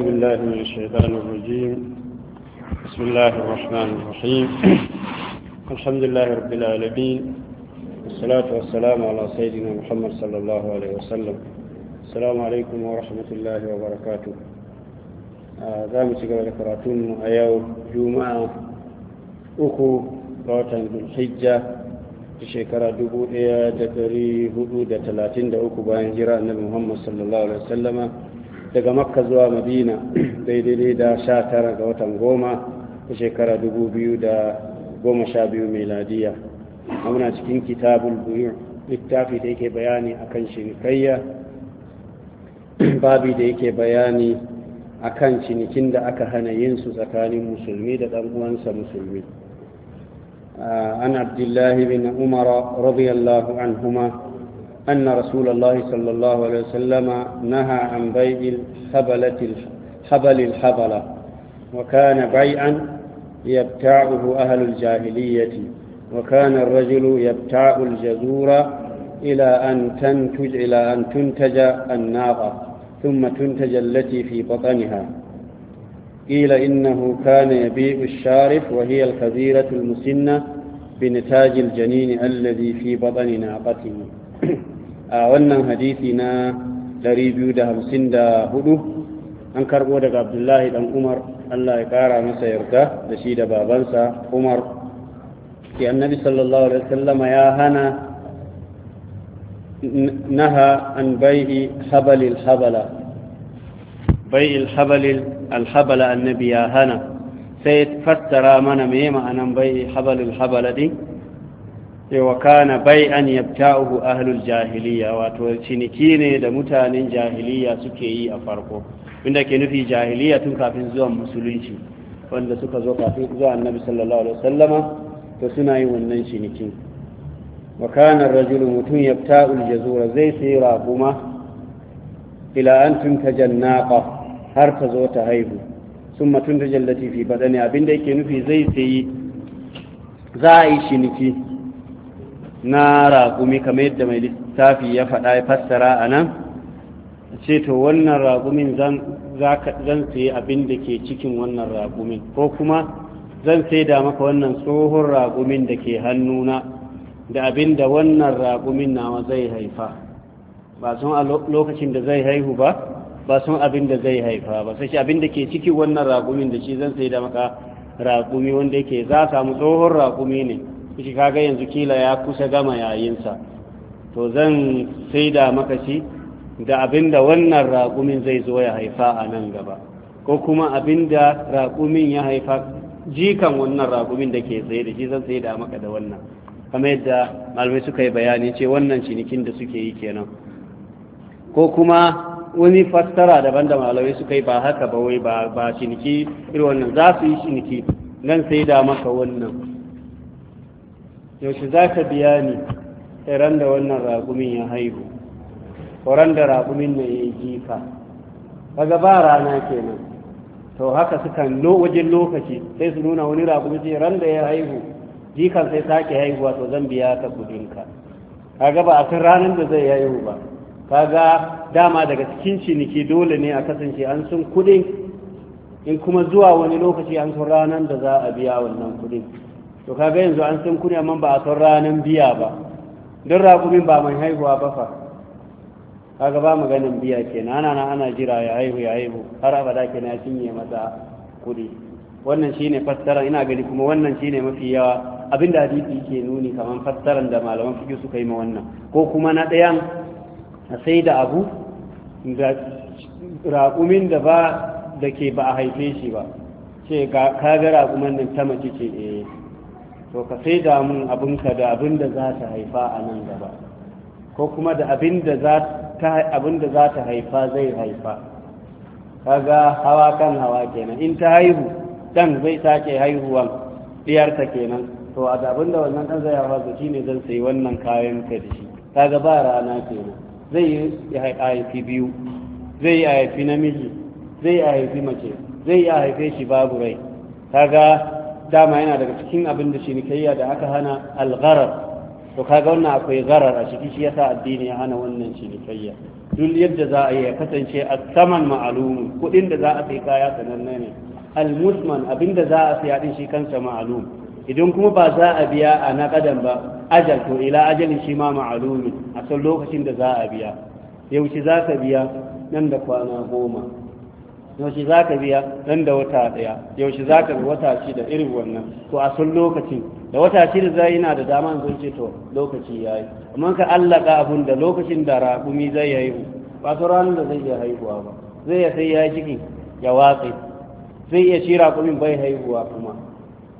أعوذ بالله من الشيطان الرجيم بسم الله الرحمن الرحيم الحمد لله رب العالمين والصلاة والسلام على سيدنا محمد صلى الله عليه وسلم السلام عليكم ورحمة الله وبركاته دام آه، تقبل قراتون أيو جمعة أخو قوتا بالحجة الحجة shekara dubu ɗaya da ɗari hudu da talatin da uku bayan jira annabi muhammad sallallahu alaihi daga makka zuwa madina daidai da sha tara ga watan goma ta shekara dubu biyu da goma sha biyu meladiya muna cikin kitabul buyu littafi da yake bayani akan shinikayya babi da yake bayani akan cinikin da aka hana yin su tsakanin musulmi da ɗan uwansa musulmi an abdullahi bin umar radiyallahu anhuma أن رسول الله صلى الله عليه وسلم نهى عن بيع الحبلة الحبل الحبلة وكان بيعا يبتاعه أهل الجاهلية وكان الرجل يبتاع الجزور إلى أن تنتج إلى أن تنتج الناقة ثم تنتج التي في بطنها قيل إنه كان يبيع الشارف وهي الخزيرة المسنة بنتاج الجنين الذي في بطن ناقته a wannan hadisi na 254 an karbo daga abdullahi dan umar allah ya kara masa yarda da shi da babansa umar ke annabi sallallahu alaihi wasallama ya hana naha an bai'i habalil habala bai'il habalil alhabala annabi ya hana sai fassara mana me ma'anan bai'i habalil habala din wa kana an yabta'uhu ahlul jahiliya wato ciniki ne da mutanen jahiliya suke yi a farko inda ke nufi jahiliya tun kafin zuwan musulunci wanda suka zo kafin zuwa annabi sallallahu alaihi wasallama to suna yi wannan ciniki wa kana rajulu mutum yabta'ul jazura zai sai raguma ila an tuntaja har ta zo ta haihu summa da jallati fi badani abinda yake nufi zai sai za a yi ciniki na raƙumi kamar yadda mai littafi ya faɗa ya fassara a nan ce to wannan raƙumin zan sayi abin da ke cikin wannan raƙumin ko kuma zan sai da maka wannan tsohon raƙumin da ke hannuna da abin da wannan raƙumin nawa zai haifa ba sun a lokacin da zai haihu ba ba sun abin da zai haifa ba sai abin da ke cikin wannan raƙumin da shi zan sai da maka raƙumi wanda yake za samu tsohon raƙumi ne Ka kaga yanzu kila ya kusa gama yayinsa to zan saida maka shi da abinda wannan raƙumin zai zo ya haifa a nan gaba ko kuma abinda raƙumin ya haifa jikan wannan raƙumin da ke tsaye da shi zan saida maka da wannan kama yadda malamai suka yi bayani ce wannan cinikin da suke yi kenan ko kuma wani fassara daban da malamai suka yi ba haka ba wai ba ciniki irin wannan za su yi ciniki nan sai da maka wannan yaushe za ka biya ni ran da wannan raƙumin ya haihu ran da raƙumin na ya yi jifa kaga ba rana kenan to haka sukan wajen lokaci sai su nuna wani raƙumi ce ran da ya haihu jikan sai sake haihuwa to zan biya ka kudinka ga ba a san ranar da zai haihu ba Ka ga dama daga cikin ciniki dole ne a kasance an sun kudin in kuma zuwa wani lokaci an sun ranar da za a biya wannan kudin to kaga yanzu an san kuni amma ba a san ranan biya ba don raƙumin ba mai haihuwa ba fa kaga ba maganin biya kenan ana na ana jira ya haihu ya haihu har abada kenan ya cinye masa kuɗi wannan shine fassara ina gani kuma wannan shine mafi yawa Abin da hadisi yake nuni kamar fassaran da malaman fiqh suka yi ma wannan ko kuma na ɗayan sai da abu da raƙumin da ba da ke ba a haife shi ba ce ka ga raƙumin nan ta mace ce eh to ka sai da mun abinka da abin da za ta haifa a nan gaba ko kuma da abin da za ta haifa zai haifa kaga hawa kan hawa kenan in ta haihu dan zai sake haihuwan diyarta kenan to a abin da wannan dan zai haifa zuci shine zan sayi wannan kayan ka da shi kaga ba rana kenan zai yi haifi biyu zai yi haifi namiji zai yi haifi mace zai yi haife shi babu rai kaga dama yana daga cikin abin da cinikayya da aka hana algharar to kaga wannan akwai gharar a ciki shi yasa addini ya hana wannan cinikayya duk yadda za a yi ya kasance a saman ma'alumu kuɗin da za a sai kaya sananne ne almusman abin da za a saya din shi kansa ma'alum idan kuma ba za a biya a naƙadan ba ajal to ila ajalin shi ma ma'alumi a san lokacin da za a biya yaushe za ka biya nan da kwana goma yaushe za ka biya dan da wata ɗaya yaushe za ka wata shida irin wannan to a sun lokacin da wata shida zai yana da dama zan ce to lokaci ya yi amma ka allaka abun da lokacin da raƙumi zai haihu ba su ranar da zai iya haihuwa ba zai ya sai ya ciki ya watsi zai iya shi raƙumin bai haihuwa kuma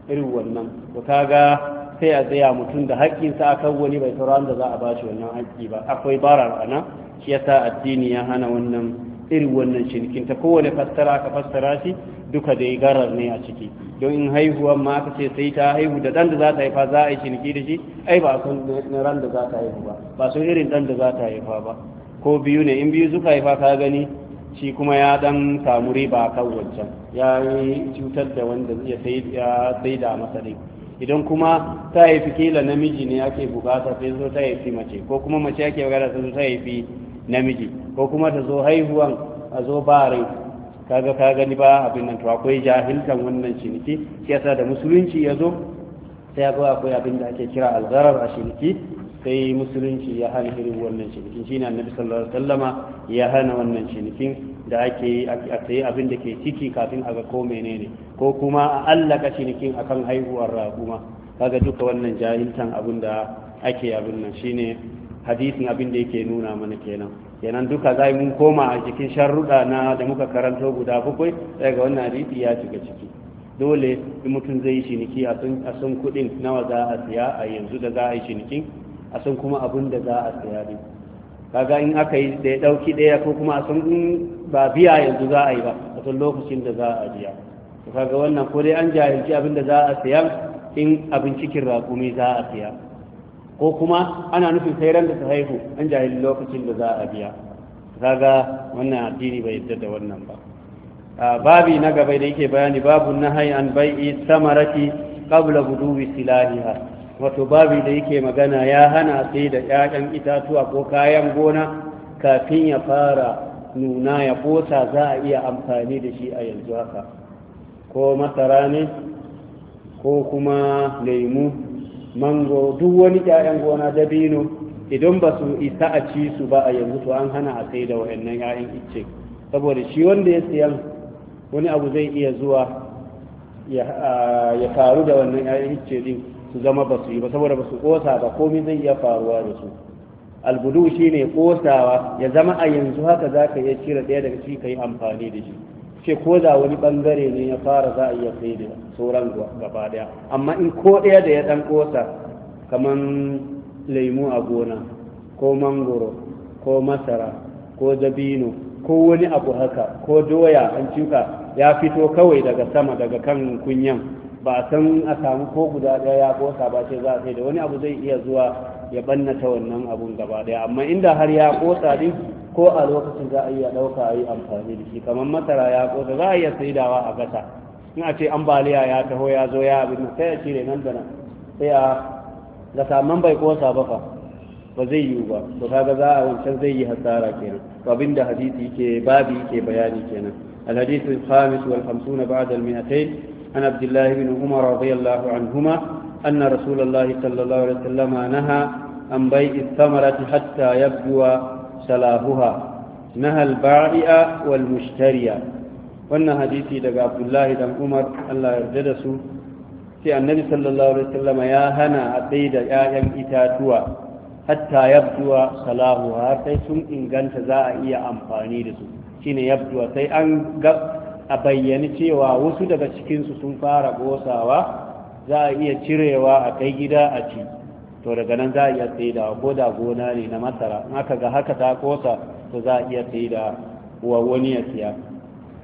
irin wannan to kaga sai a tsaya mutum da haƙƙinsa a kan wani bai sauran da za a ba shi wannan haƙƙi ba akwai barar ana shi yasa addini ya hana wannan irin wannan cinikin ta kowane fassara ka fassara shi duka dai garar ne a ciki don in haihuwa ma aka ce sai ta haihu da dan da za ta haifa za a yi ciniki da shi ai ba sun na ran da za ta haihu ba ba sun irin dan da za ta haifa ba ko biyu ne in biyu suka haifa ka gani shi kuma ya dan samu riba kan wancan ya yi cutar da wanda ya sai da masa din idan kuma ta haifi kila namiji ne ake bukata sai zo ta haifi mace ko kuma mace ake bukata sai zo ta haifi namiji ko kuma ta zo haihuwan a zo ba rai kaga ka gani ba abin nan to akwai jahiltan wannan ciniki shi yasa da musulunci ya zo sai ya akwai abin da ake kira alzarar a ciniki sai musulunci ya hana irin wannan cinikin shine annabi sallallahu alaihi wasallama ya hana wannan cinikin da ake yi a abin da ke ciki kafin a ga ko menene ko kuma a allaka cinikin akan haihuwar raƙuma kaga duka wannan jahiltan abin da ake abin nan shine hadisin abin da yake nuna mana kenan kenan duka zai mun koma a cikin sharruɗa na da muka karanto guda bakwai daga wannan hadisi ya shiga ciki dole mutum zai yi shiniki a sun kuɗin nawa za a siya a yanzu da za a yi shiniki a sun kuma abin da za a siya ne kaga in aka yi da ya ɗauki ɗaya ko kuma a sun ba biya yanzu za a yi ba a sun lokacin da za a biya kaga wannan ko dai an jahilci abin da za a siya in abin cikin raƙumi za a siya ko kuma ana nufin sai ran da ta haihu an jahili lokacin da za a biya kaga wannan addini bai yadda da wannan ba babi na gaba da yake bayani babu nahai an bai'i samarati qabla budubi silahiha wato babi da yake magana ya hana sai da ƴaƴan itatuwa ko kayan gona kafin ya fara nuna ya bota za a iya amfani da shi a yanzu haka ko masara ne ko kuma lemu mango duk wani 'ya'yan gona dabino idan ba su isa a ci su ba a yanzu to an hana a sai da wayannan 'ya'yan icce saboda shi wanda ya siyan wani abu zai iya zuwa ya faru da wannan 'ya'yan icce din su zama ba su yi ba saboda ba su kosa ba komai zai iya faruwa da su albudu shine kosawa ya zama a yanzu haka zaka iya cire ɗaya daga ciki ka yi amfani da shi ce ko da wani bangare ne ya fara za a iya sai da sauran gaba daya amma in ko ɗaya da ya ɗan kosa kamar lemu a gona ko mangoro ko masara ko dabino ko wani abu haka ko doya an cuka ya fito kawai daga sama daga kan kunyan ba a san a samu ko guda ɗaya ya kosa ba ce za a sai da wani abu zai iya zuwa ya ɓannata wannan abun gaba daya amma inda har ya kosa din ko a lokacin za a iya ɗauka a yi amfani da shi kamar masara ya ƙosa za a iya saidawa a ƙasa ina ce ambaliya ya taho ya zo ya abin sai ya cire nan da nan sai a ga saman bai ƙosa ba fa ba zai yiwu ba to kaga za a wancan zai yi hasara kenan to abin da hadisi yake babi yake bayani kenan الحديث الخامس والخمسون بعد المئتين عن عبد الله بن عمر رضي الله عنهما أن رسول الله صلى الله عليه وسلم نهى عن بيع الثمرة حتى يبدو salahuha nahal ba'i'a wal mushtariya wannan hadisi daga abdullahi dan umar allah yarda da su sai annabi sallallahu alaihi wasallam ya hana a tsaye da ƴaƴan itatuwa hatta yabduwa salahuha har sai sun inganta za a iya amfani da su shine yabduwa sai an ga a bayyani cewa wasu daga cikinsu sun fara gosawa za a iya cirewa a kai gida a ci to daga nan za a iya sai ko da gona ne na masara in aka ga haka ta kosa to za a iya sai da wa wani ya siya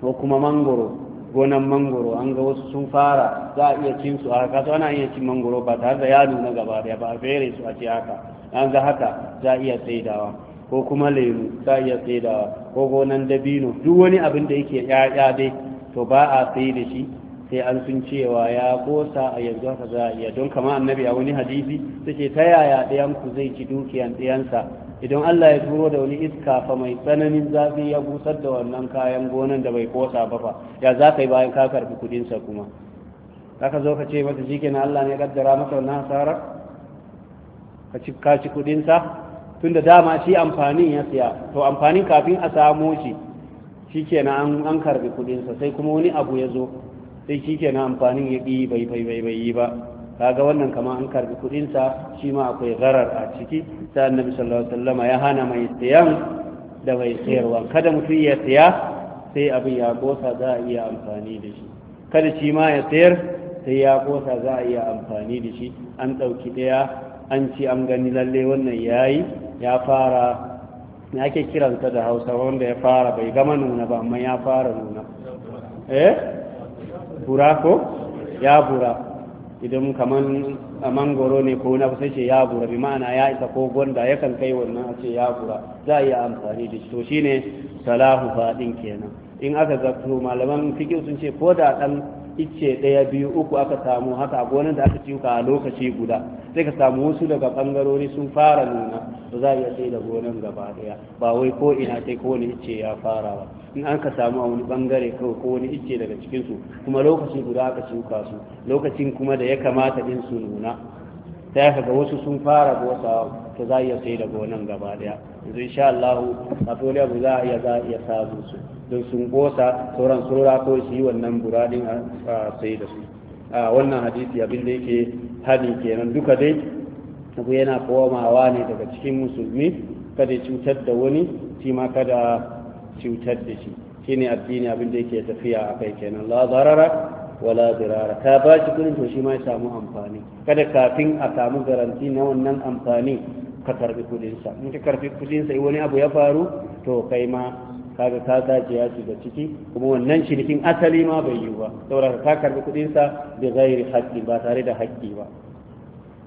ko kuma mangoro gonan mangoro an ga wasu sun fara za a iya cin su haka to ana iya cin mangoro ba tare da ya nuna gaba daya ba a fere su a ce haka an ga haka za a iya saidawa ko kuma lemu za a iya saidawa ko gonan dabino duk wani abin da yake ya'ya dai to ba a sai da shi sai an sun cewa ya kosa a yanzu haka za a iya don kama annabi a wani hadisi suke ta yaya ɗayanku zai ci dukiyan ɗayansa idan Allah ya turo da wani iska fa mai tsananin zafi ya busar da wannan kayan gonan da bai kosa ba fa ya za ka yi bayan ka karfi kudinsa kuma ka zo ka ce masa shi na Allah ne kaddara masa wannan hasarar ka ci ka ci kudinsa tunda dama shi amfanin ya siya to amfanin kafin a samo shi kenan an karbi kudinsa sai kuma wani abu ya zo sai shi kenan amfanin ya ɗi bai bai bai yi ba kaga wannan kama an karbi kuɗinsa shi ma akwai zarar a ciki ta annabi sallallahu alaihi wasallama ya hana mai siyan da mai sayarwa kada mutum ya siya sai abin ya kosa za a iya amfani da shi kada shi ma ya sayar sai ya kosa za a iya amfani da shi an ɗauki ɗaya an ci an gani lalle wannan ya yi, ya fara me ke kiransa da hausa wanda ya fara bai gama nuna ba amma ya fara nuna eh bura ko ya bura idan kaman a mangoro ne ko na sai ce ya bura bi ma'ana ya isa ko gwanda kan kai wannan a ce ya bura za a iya amfani da shi to ne salahu fadin kenan in aka zato malaman fikin sun ce ko da dan icce ɗaya biyu uku aka samu haka a gonar da aka ciwuka a lokaci guda sai ka samu wasu daga bangarori sun fara nuna ba za a iya sai da gonar gaba daya ba wai ko ina sai ko wani icce ya fara ba in an ka samu a wani bangare ko wani icce daga cikinsu kuma lokacin guda aka shuka su lokacin kuma da ya kamata din su nuna ta ya kaga wasu sun fara bosa ta za iya sai daga wannan gaba daya yanzu insha Allah matoliya bu za iya za iya samu su don sun gosa sauran sura ko shi wannan buradin a sai da su a wannan hadisi abin da yake hadi kenan duka dai abu yana komawa ne daga cikin musulmi kada cutar da wani shi ma kada cutar da shi shine addini abin da yake tafiya a kai kenan la zarara wala dirara ta ba shi kudin to shi ma ya samu amfani kada kafin a samu garanti na wannan amfani ka karbi kudinsa in ka karbi kudinsa in wani abu ya faru to kai ma kaga ka dace ya shiga ciki kuma wannan cinikin asali ma bai yi ba saboda ka karbi kudinsa bi ghairi haƙƙi ba tare da haƙƙi ba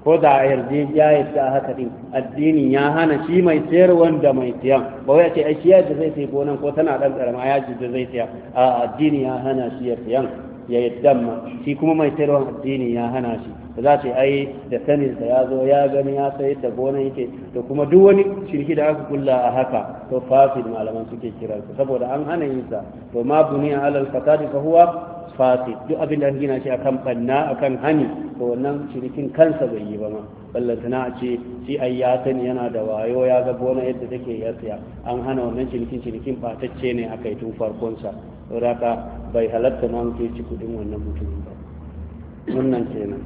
ko da a yarje ya yarda a haka din addinin ya hana shi mai sayar wanda mai siyan ba wai ce ai shi yadda zai sai gonan ko tana dan karama ya ji zai siya a addini ya hana shi ya siyan ya yadda ma shi kuma mai sayarwar addini ya hana shi da za su ai da saninsa ya zo ya gani ya sayar da gonan yake da kuma duk wani shirki da aka kulla a haka to fasid malaman suke kiransa saboda an hana yin sa to ma buniya alal fasadi fa huwa fasid duk abin da an gina shi akan banna akan hani to wannan shirkin kansa bai yi ba ma ballantana a ce shi ai ya sani yana da wayo ya ga gona yadda take ya tsaya an hana wannan shirkin shirkin batacce ne aka yi tun farkonsa saboda bai halatta ma mutu ya ci kudin wannan mutumin ba wannan kenan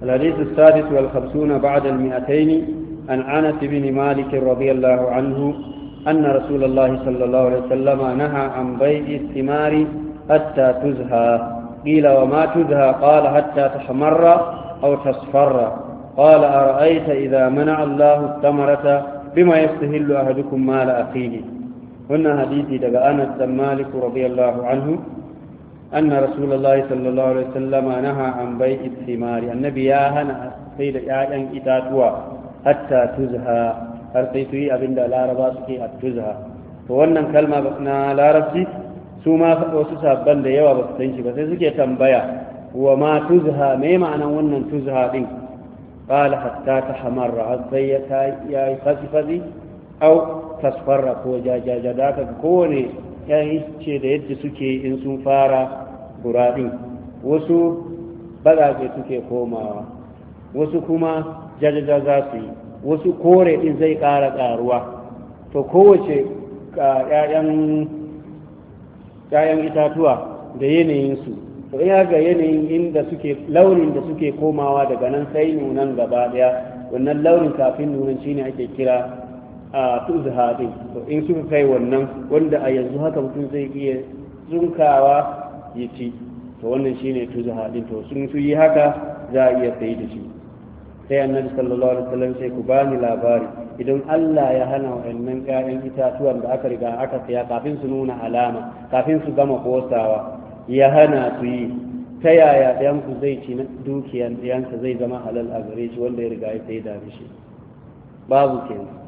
الحديث السادس والخمسون بعد المئتين عن أنس بن مالك رضي الله عنه أن رسول الله صلى الله عليه وسلم نهى عن بيع الثمار حتى تزهى قيل وما تزهى قال حتى تحمر أو تصفر قال أرأيت إذا منع الله الثمرة بما يستهل أحدكم مال أخيه wannan hadisi daga anas dan malik radiyallahu anhu anna rasulullahi sallallahu alaihi wasallam naha an bai'i thimari annabi ya hana sai da ƴaƴan itatuwa hatta tuzha har sai su yi abin da laraba suke a tuzha to wannan kalma na larabci su ma wasu sabban da yawa ba su san shi ba sai suke tambaya wa ma tuzha me ma'anan wannan tuzha din qala hatta tahamarra har sai ya yi fasi fasi au tasfarra ko jajaja da aka kowane ce da yadda suke in sun fara buraɗin wasu bazaje suke komawa wasu kuma jajaja za su yi wasu kore ɗin zai ƙara ƙaruwa to kowace ‘ya'yan itatuwa da yanayinsu to ga yanayin inda suke launin da suke komawa daga nan sai nunan gaba ɗaya wannan launin kafin nunan shine ake kira a tu zahabi to in suka kai wannan wanda a yanzu haka mutum zai iya zunkawa ya ci to wannan shine tu zahabi to sun su yi haka za a iya sai da shi sai annabi sallallahu alaihi wasallam sai ku bani labari idan Allah ya hana wannan ƙarin itatuwan da aka riga aka saya kafin su nuna alama kafin su gama kosawa ya hana su yi ta yaya ku zai ci na dukiyan ɗayansa zai zama halal a gare shi wanda ya riga ya sai da shi babu kenan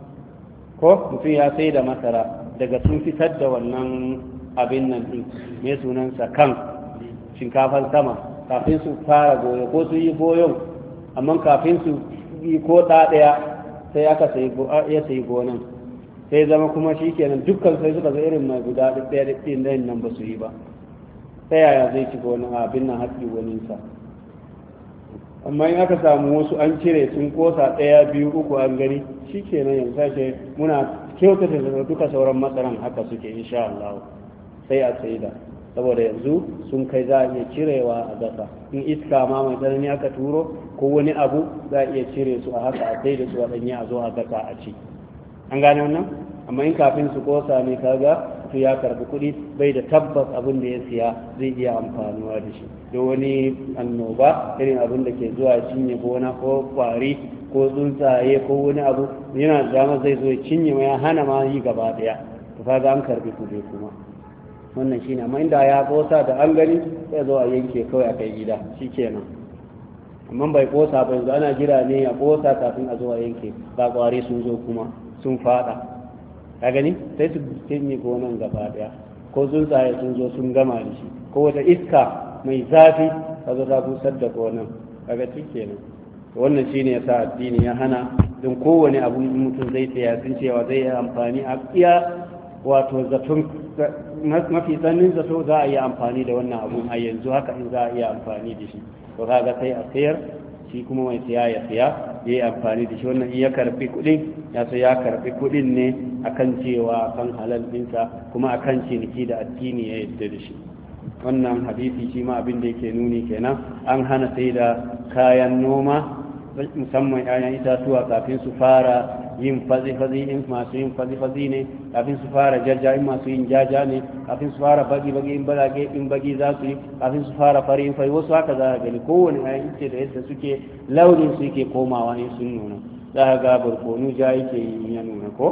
ko mutum ya sai da masara daga sun fitar da wannan abin nan ɗin mai sunansa kan shinkafan sama kafin su fara goyo ko su yi goyon amma kafin su yi ko ɗaya sai aka ya sayi gonan sai zama kuma shi kenan dukkan sai suka zai irin mai guda ɗaya ɗin nan ba su yi ba ta yaya zai ci gonan abin nan haƙi goninsa amma in aka samu wasu an cire sun kosa ɗaya biyu uku an gani shi nan yanzu sashe muna kyauta da duka sauran matsaran haka suke insha Allah sai a saida saboda yanzu sun kai za a iya cirewa a gasa in iska ma mai tsanani aka turo ko wani abu za a iya cire su a haka a da su a ɗanye a zo a gasa a ci an gane wannan amma in kafin su kosa ne kaga wato ya karbi kuɗi bai da tabbas abin da ya siya zai iya amfanuwa da shi da wani annoba irin abin da ke zuwa cinye gona ko kwari ko tsuntsaye ko wani abu yana da dama zai zo ya cinye ma ya hana ma yi gaba daya to kaga an karbi kuɗi kuma wannan shine amma inda ya kosa da an gani sai zo a yanke kawai a kai gida kenan amma bai kosa ba yanzu ana jira ne a kosa kafin a zo a yanke ba kwari sun zo kuma sun fada ka gani sai su cinye gonan gaba daya ko tsuntsaye sun zo sun gama da shi ko wata iska mai zafi ta zo ta busar da gonan kaga tun kenan wannan shine yasa addini ya hana don kowane abu mutum zai tsaya sun cewa zai yi amfani a iya wato zaton mafi tsanin zato za a yi amfani da wannan abun a yanzu haka in za a iya amfani da shi to kaga sai a sayar shi kuma mai siya ya siya ya yi amfani da shi wannan in ya karfi kudin ya sai ya karfi kudin ne akan cewa kan halal dinsa kuma akan ciniki da addini ya yadda da shi wannan hadisi shi ma abin da yake nuni kenan an hana sai da kayan noma musamman 'ya'yan itatuwa kafin su fara yin fazi-fazi in masu yin fazi-fazi ne kafin su fara jaja in masu yin jaja ne kafin su fara bagi-bagi in balage in bagi za su yi kafin su fara fari in fari wasu haka za a gani kowane ayan ce da yadda suke launin su yake komawa ne sun nuna za a ga barkonu ja yake yi ya nuna ko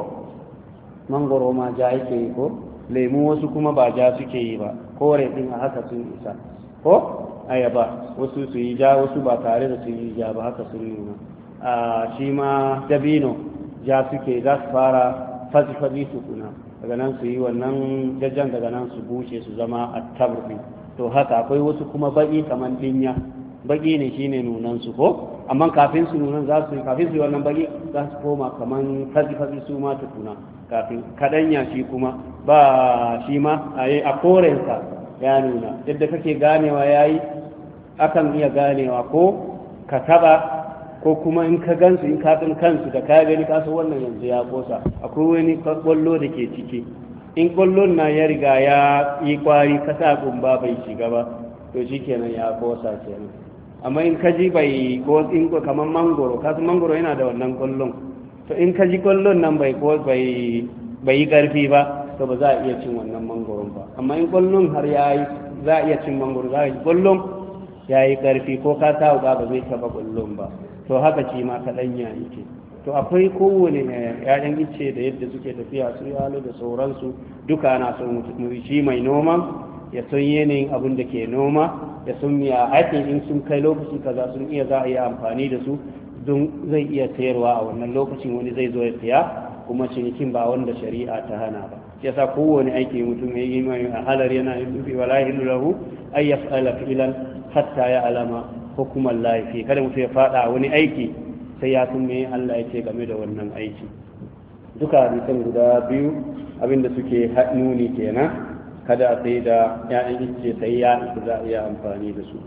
mangoro ma ja yake yi ko lemu wasu kuma ba ja suke yi ba kore din a haka sun isa ko ayaba wasu su yi ja wasu ba tare da su yi ja ba haka sun nuna a ah, shi ma dabino ja suke za su fara fazifazi su kuna daga nan su yi wannan jajjan daga nan su buce su zama a tabbi to haka akwai wasu kuma baƙi kamar dinya baƙi ne shine nunan su ko amma kafin su nunan za su kafin su yi wannan baƙi za su koma kamar fazifazi su ma kuna kafin kadanya shi kuma ba shi ma a yi a korensa ya nuna yadda kake ganewa ya yi akan iya ganewa ko ka taba ko kuma in ka gansu in ka tsin kansu da ka gani ka san wannan yanzu ya kosa akwai wani kwallo da ke ciki in kwallon na ya riga ya yi kwari ka sa gumba bai shiga ba to shikenan ya kosa kenan amma in ka ji bai ko in kamar mangoro ka san mangoro yana da wannan kwallon to in ka ji kwallon nan bai ko bai bai yi karfi ba to ba za a iya cin wannan mangoron ba amma in kwallon har ya yi za a iya cin mangoro za a yi kwallon ya yi karfi ko ka sa ba zai taba kwallon ba to haka shi ma kaɗanya yake to akwai kowane eh, ‘ya'yan ice da yadda suke tafiya su yalo da sauransu duka na son shi mai noma ya san yanayin abin da ke noma ya san ya aikin in sun kai lokaci kaza sun iya za a yi amfani da su don zai iya sayarwa a wannan lokacin wani zai zo ya siya kuma cinikin ba wanda shari'a ta hana ba yasa kowane aiki mutum ya yi mai halar yana yi wala hilu lahu ay yaf'ala filan hatta ya alama hukuman laifi kada mutum ya fada wani aiki sai ya sun Allah ya ce game da wannan aiki duka hadisan guda biyu abinda suke nuni kenan kada sai da ya'yan ice sai ya za a iya amfani da su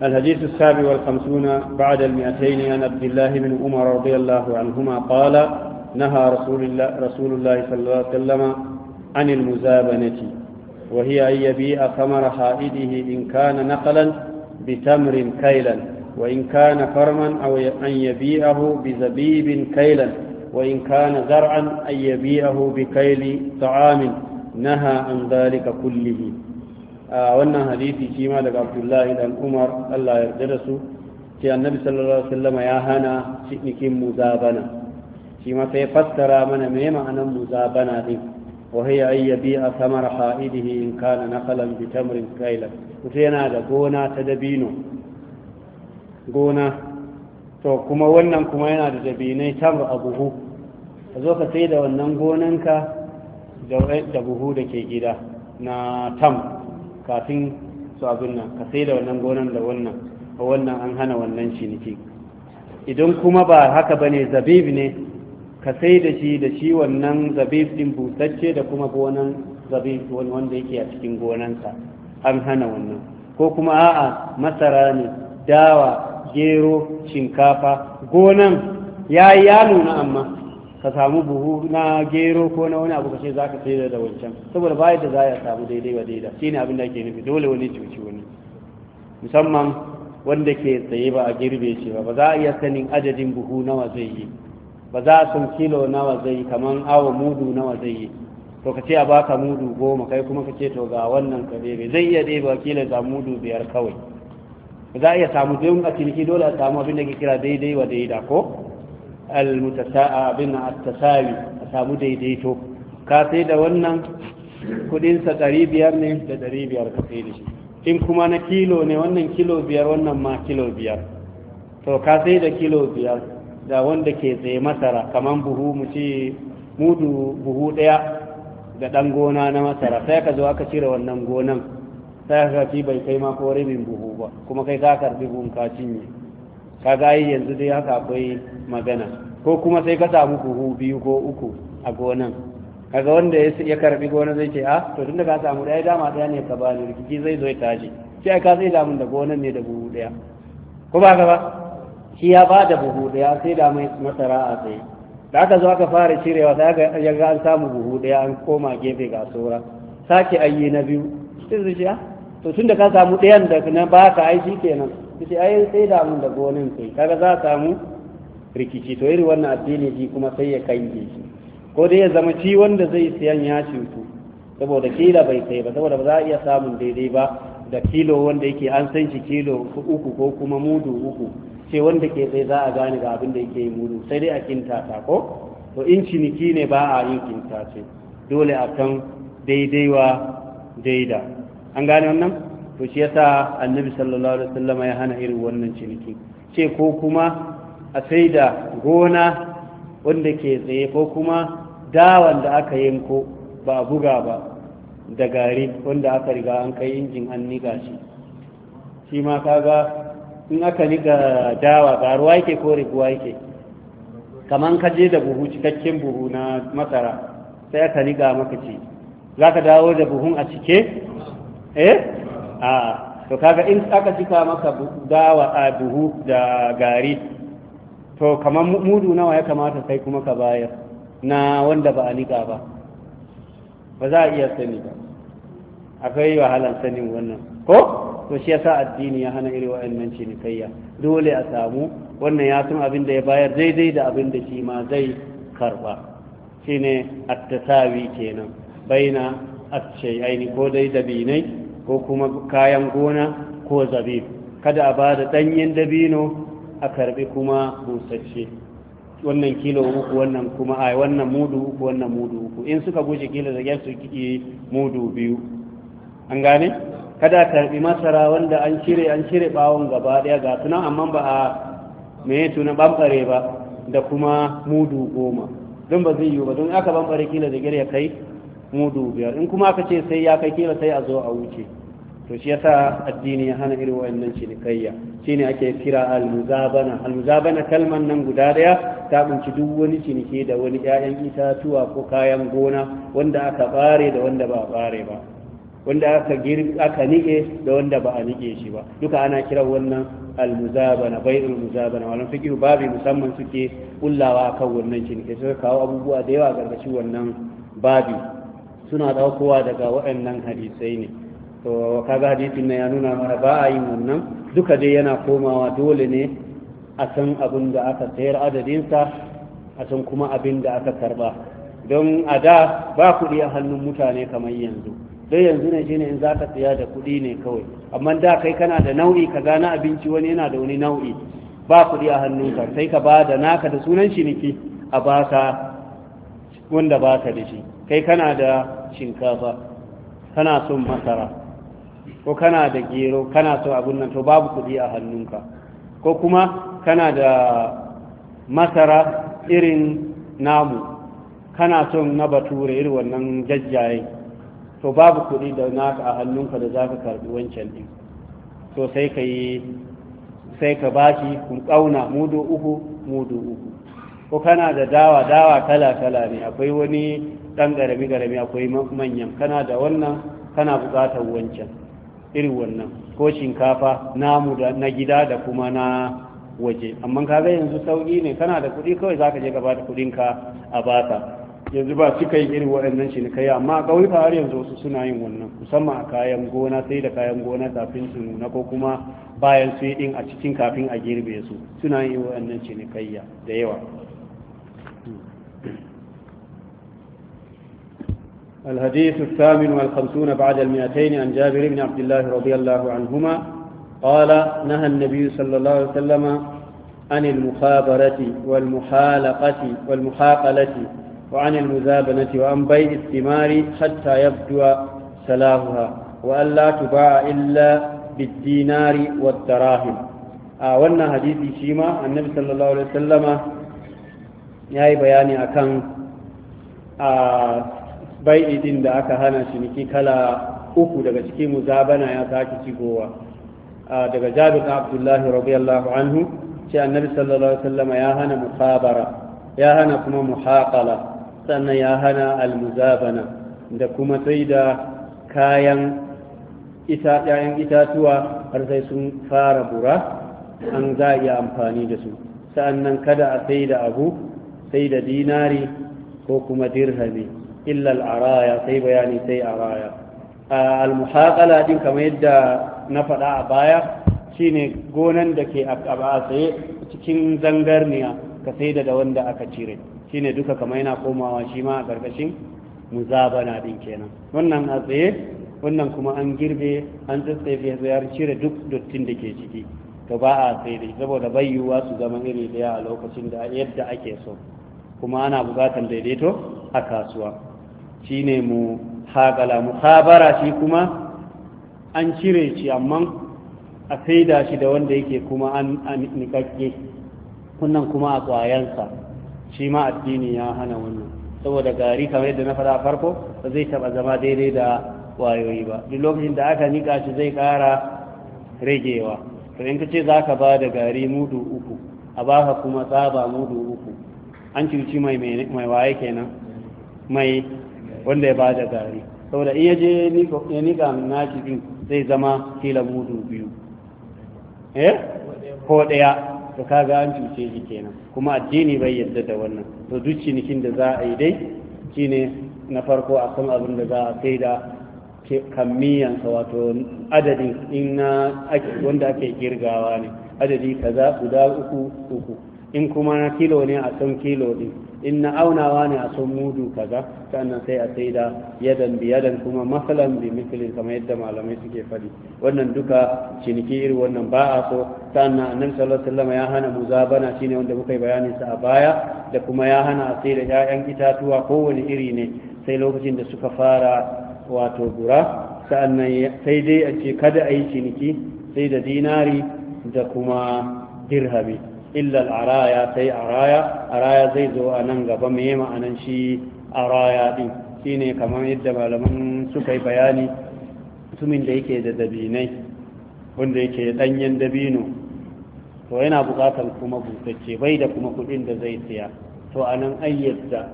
الحديث السابع والخمسون بعد المئتين عن عبد الله بن عمر رضي الله عنهما قال نهى رسول الله, رسول الله صلى الله عليه وسلم عن المزابنة وهي أن يبيع ثمر حائده إن كان نقلا بتمر كيلا وإن كان فرما أو أن يبيعه بزبيب كيلا وإن كان زرعا أن يبيعه بكيل طعام نهى عن ذلك كله wannan hadisi shi ma daga abdullahi dan umar allah ya yarda da su ce annabi sallallahu alaihi wasallam ya hana cinikin muzabana shi ma sai fassara mana me ma'anan muzabana din wa hiya ayyabi a samar ha'idihi in kana naqalan kailan mutum yana da gona ta dabino gona to kuma wannan kuma yana da dabinai tam a buhu a zo ka sai da wannan gonanka da buhu da ke gida na tam kafin su abin nan ka sai da wannan gonan da wannan a wannan an hana wannan ciniki idan kuma ba haka ba ne zabib ne ka sai da shi da shi wannan zabib din busacce da kuma gonan zabib wanda yake a cikin gonansa an hana wannan ko kuma a'a masara ne dawa gero shinkafa gonan ya ya nuna amma ka samu buhu na gero ko na wani abu ka ce za ka sai da wancan saboda ba da za a samu daidai ba daidai shi ne abin da ke nufi dole wani cuci wani musamman wanda ke tsaye ba a girbe shi ba ba za a iya sanin adadin buhu nawa zai yi ba za a san kilo nawa zai yi kamar awa mudu nawa zai yi to ka ce a baka mudu goma kai kuma ka ce to ga wannan ka ɗebe zai iya ɗebe kila za mudu biyar kawai za a iya samu don a ciniki dole a samu abin da ke kira daidai wa daida ko abin a tasawi a samu daidaito ka sai da wannan kudinsa ɗari biyar ne da ɗari biyar ka sai da shi in kuma na kilo ne wannan kilo biyar wannan ma kilo biyar to ka sai da kilo biyar da wanda ke tsaye masara kamar buhu mu ce mudu buhu ɗaya ga ɗan gona na masara sai ka zo aka cire wannan gonan sai ka ci bai kai ma ko rabin buhu ba kuma kai ka karbi buhun ka cinye ka yi yanzu dai haka akwai magana ko kuma sai ka samu buhu biyu ko uku a gonan kaga wanda ya karbi gona zai ce a ah, to tunda ka samu ɗaya dama ɗaya ne ka bani rikici zai zo ya tashi sai ka sai damun da gonan ne da buhu ɗaya ko ba ka ba shi ya ba da buhu ɗaya sai da mai masara a tsaye da aka zo aka fara cirewa sai ga ya an samu buhu daya an koma gefe ga sake ayi na biyu sai su ce ah, to tunda ka samu dayan da na baka ai shi kenan sai ai sai da mun da gonin sai kaga za ka samu rikici to irin wannan addini shi kuma sai ya kai shi ko dai ya zama ci wanda zai siyan ya cutu saboda kila bai sai ba saboda ba za a iya samun daidai ba da kilo wanda yake an san shi kilo uku ko kuma mudu uku ce wanda ke tsaye za a gane ga abin da yake yi mudu sai dai a ta ko to in ciniki ne ba a yin ce dole a kan daidaiwa daida an gane wannan to shi yasa annabi sallallahu alaihi wasallam ya hana irin wannan ciniki ce ko kuma a sai da gona wanda ke tsaye ko kuma dawan da aka yanko ba a buga ba da gari wanda aka riga an kai injin an niga shi shi ma kaga in aka niga dawa ga ruwa yake ko riguwa yake kaman ka je da buhu cikakken buhu na masara sai aka niga maka ce za ka dawo da buhun a cike eh a to kaga in aka cika maka dawa a buhu da gari to kaman mudu nawa ya kamata sai kuma ka bayar na wanda ba a niga ba ba za a iya sani ba akwai wahalan sanin wannan ko to shi yasa addini ya hana irin wa'annan cinikayya dole a samu wannan ya san abin da ya bayar daidai da abin da shi ma zai karba shine at-tasawi kenan baina ashe aini ko dai dabinai ko kuma kayan gona ko zabib kada a ba bada danyen dabino a karbi kuma busasshe wannan kilo uku wannan kuma ai wannan mudu uku wannan mudu uku in suka guje kilo da su mudu biyu an gane kada karbi masara wanda an cire an cire bawon gaba daya ga suna amma ba a me tunan bambare ba da kuma mudu goma don ba zai yiwu ba don aka bambare kila da gari ya kai mudu biyar in kuma aka ce sai ya kai kila sai a zo a wuce to shi yasa addini ya hana irin wayannan cinikayya shine ake kira Al-Muzabana? Al-Muzabana kalman nan guda daya ta bunci duk wani ciniki da wani ƴaƴan itatuwa ko kayan gona wanda aka bare da wanda ba a bare ba wanda aka girbi aka nike da wanda ba a nike shi ba duka ana kiran wannan almuzabana bai'ul muzabana wannan fiqh babi musamman suke kullawa akan wannan ke suka kawo abubuwa da yawa gargashi wannan babi suna daukowa daga waɗannan hadisai ne to kaga hadisin nan ya nuna mana ba a yi wannan duka dai yana komawa dole ne a san abin da aka sayar adadinsa a san kuma abin da aka karba don a da ba kuɗi a hannun mutane kamar yanzu dai yanzu ne shine in zaka tsaya da kuɗi ne kawai amma da kai kana da nau'i ka gana abinci wani yana da wani nau'i ba kuɗi a hannunka sai ka ba da naka da sunan ciniki a baka wanda baka da shi kai kana da shinkafa kana son masara ko kana da gero kana son abun nan to babu kuɗi a hannunka ko kuma kana da masara irin namu kana son na bature irin wannan jajjaye to babu kuɗi da naka a hannunka da za ka karɓi wancan ɗin to sai ka yi sai ka ba shi ƙauna mudu uku mudu uku ko kana da dawa dawa kala kala ne akwai wani ɗan garami garami akwai manyan kana da wannan kana buƙatar wancan irin wannan ko shinkafa namu na gida da kuma na waje amma kaga yanzu sauƙi ne kana da kuɗi kawai zaka je ka ba da kuɗinka a baka yanzu ba su yi irin waɗannan shinikai amma a ƙauyuka har yanzu wasu suna yin wannan musamman a kayan gona sai da kayan gona kafin su nuna ko kuma bayan su yi ɗin a cikin kafin a girbe su suna yin waɗannan cinikayya da yawa الحديث الثامن والخمسون بعد المئتين عن جابر بن عبد الله رضي الله عنهما قال نهى النبي صلى الله عليه وسلم عن المخابرة والمحالقة والمحاقلة وعن المزابنة وعن بيع الثمار حتى يبدو سلاهها وأن لا تباع إلا بالدينار والدراهم آه وانا حديثي شيما النبي صلى الله عليه وسلم ياي بياني أكان آه بيع دين دا أكا هانا شنكي كلا أكو دا شكي مزابنة يا تاكي شكوا آه دا جابر عبد الله رضي الله عنه شأن النبي صلى الله عليه وسلم يا هانا مخابرة ya hana kuma muhaƙala sannan ya hana almuzabana da kuma sai da kayan itatuwa har sai sun fara bura an za a amfani da su sa'annan kada a sai da abu sai da dinari ko kuma dirhami illa araya sai bayani sai araya al-muhaqala din kamar yadda na faɗa a baya shine gonan da ke a tsaye cikin zangarniya ka sai da wanda aka cire shine duka kamar yana komawa shi ma a ƙarƙashin muzabana din kenan wannan a tsaye wannan kuma an girbe an tsatsefe zai cire duk dottin da ke ciki to ba a tsaye da saboda bayyuwa su zama iri daya a lokacin da yadda ake so kuma ana buƙatar daidaito a kasuwa shine mu haƙala mu habara shi kuma an cire shi amma a saida shi da wanda yake kuma an nikakke Wannan kuma a ƙwayansa shi ma addini ya hana wannan saboda gari kamar yadda na fara farko ba zai taba zama daidai da wayoyi ba duk lokacin da aka nika shi zai kara ragewa to in ka ce za ka ba da gari mudu uku a baka kuma tsaba mudu uku an cuci mai waye kenan mai wanda ya ba da gari saboda in ya je ya nika na cikin, zai zama kila mudu biyu eh ko daya to kaga an cuce shi kenan kuma addini bai yadda da wannan to duk cinikin da za a yi dai shine na farko a san abin da za a sai da kammiyansa wato adadin in na wanda ake girgawa ne adadi kaza guda uku uku in kuma na kilo ne a san kilo din in na aunawa ne a son mudu kaza sannan sai a sai da yadan biyadan kuma masalan bi misalin kamar yadda malamai suke faɗi wannan duka ciniki irin wannan ba a so sannan annabi sallallahu alaihi wasallam ya hana muzabana shine wanda muka yi bayanin sa a baya da kuma ya hana a sai da ƴaƴan itatuwa kowane iri ne sai lokacin da suka fara wato gura sa'annan sai dai a ce kada a yi ciniki sai da dinari da kuma dirhami illal araya sai araya araya zai zo a nan gaba me ma'anan shi araya din shine kamar yadda malaman suka yi bayani mutumin da yake da dabinai wanda yake danyen dabino to yana bukatar kuma busacce bai da kuma kuɗin da zai siya to a nan ayyadda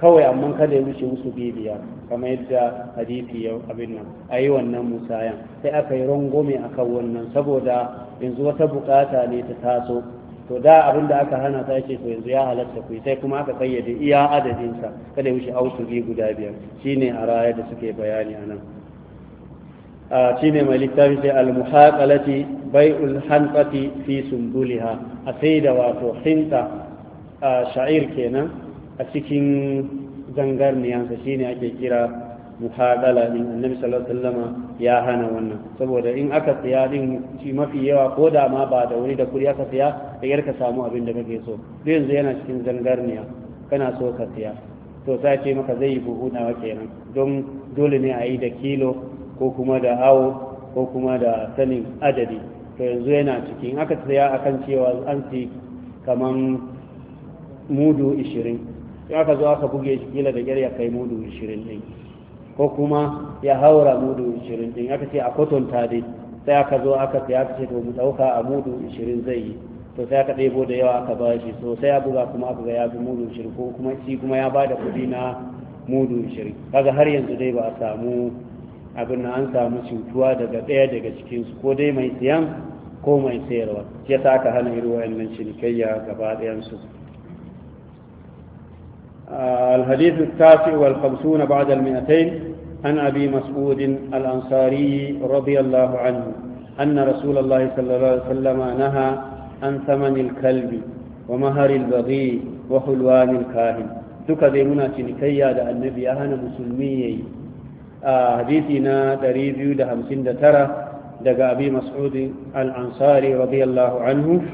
kawai amma kada ya wuce musu bibiya kamar yadda hadisi ya abin nan a wannan musayan sai aka yi rangome akan wannan saboda yanzu wata bukata ne ta taso to da abin da aka hana ta ce to yanzu ya halatta ku sai kuma aka kayyade iya adadinsa kada wuce ausuri guda biyar shine a raya da suke bayani anan. a shine mai littafi sai al-muhaqalati bai'ul hanqati fi sumbuliha a sai da wato hinta sha'ir kenan a cikin zangarniyansa shine ake kira muhadala din annabi sallallahu alaihi wasallam ya hana wannan saboda in aka siya din shi mafi yawa ko da ma ba da wuri da kuri aka siya da yarka ka samu abin da kake so duk yanzu yana cikin zangarniya kana so ka siya to sai ce maka zai yi buhu nawa kenan don dole ne a yi da kilo ko kuma da awo ko kuma da sanin adadi to yanzu yana cikin aka siya akan cewa an ci kaman mudu 20 in aka zo aka buge shi kila da yar ya kai mudu 20 din ko kuma ya haura mudu 20 din aka ce a kwatanta dai sai aka zo aka sai aka ce to mu dauka a mudu 20 zai yi to sai aka ɗebo da yawa aka bashi so sai ya buga kuma aka ga ya fi mudu 20 ko kuma shi kuma ya ba da kuɗi na mudu 20 kaga har yanzu dai ba a samu abin na an samu cutuwa daga ɗaya daga cikinsu ko dai mai siyan ko mai sayarwa ya sa aka hana irin wayannan cinikayya gaba ɗayansu الحديث التاسع والخمسون بعد المئتين عن أبي مسعود الأنصاري رضي الله عنه أن رسول الله صلى الله عليه وسلم نهى عن ثمن الكلب ومهر البغي وحلوان الكاهن duka zai muna cinikayya da annabi ya hana musulmi ya yi a hadisi na 259 daga abi mas'udin al'ansari radiyallahu anhu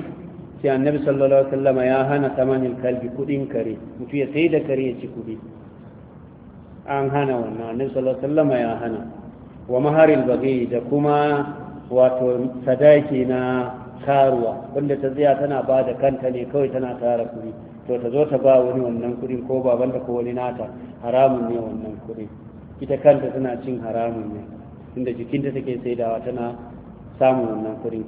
sai annabi sallallahu alaihi wasallama ya hana tamanin kalbi kudin kare mutu ya sai da kare ya ci kudi an hana wannan annabi sallallahu alaihi wasallam ya hana wa maharil bagi da kuma wato sadaki na karuwa wanda ta tsaya tana ba da kanta ne kawai tana tara kuɗi to ta zo ta ba wani wannan kuɗin ko baban da ko wani nata haramun ne wannan kuɗin ita kanta tana cin haramun ne inda jikinta take saidawa tana samun wannan kuɗin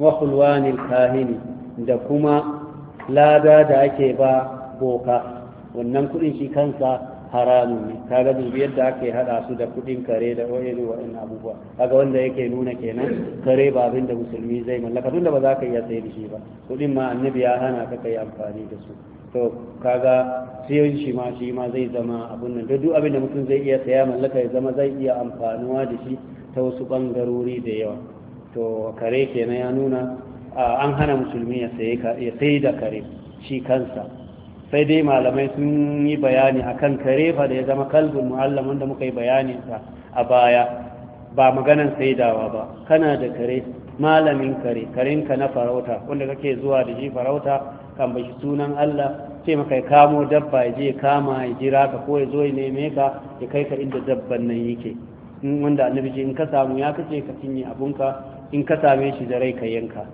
wa khulwanil kahini da kuma lada da ake ba boka wannan kuɗin shi kansa haramun ne ga dubi yadda aka yi hada su da kudin kare da wa in abubuwa kaga wanda yake nuna kenan kare ba abin da musulmi zai mallaka tunda ba za ka iya sayar da shi ba kudin ma annabi ya hana ka kai amfani da su to kaga siyan shi ma shi ma zai zama abun nan duk abin da mutum zai iya saya mallaka ya zama zai iya amfanuwa da shi ta wasu bangarori da yawa to kare kenan ya nuna an hana musulmi ya sayi da kare shi kansa sai dai malamai sun yi bayani a akan karefa da ya zama kalbin mu'allam wanda muka yi bayaninsa a baya ba maganan saidawa ba kana da kare malamin kare karenka na farauta wanda kake zuwa da shi farauta kan bashi sunan Allah ce maka ya kamo dabba ya je kama ya jira ka ko ya zo ya neme ka ya kai ka inda dabban nan yake in wanda annabi in ka samu ya kace ka cinye abunka in ka same shi da rai ka yanka